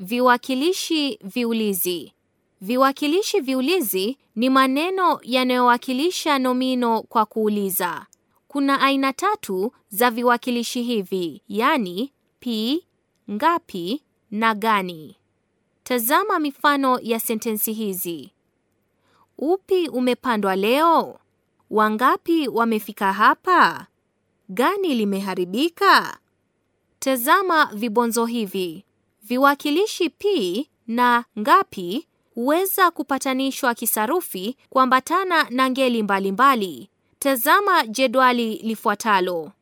Viwakilishi viulizi. Viwakilishi viulizi ni maneno yanayowakilisha nomino kwa kuuliza. Kuna aina tatu za viwakilishi hivi, yani pi, ngapi na gani. Tazama mifano ya sentensi hizi: upi umepandwa leo? Wangapi wamefika hapa? Gani limeharibika? Tazama vibonzo hivi. Viwakilishi pi na ngapi huweza kupatanishwa kisarufi kuambatana na ngeli mbalimbali. Tazama jedwali lifuatalo.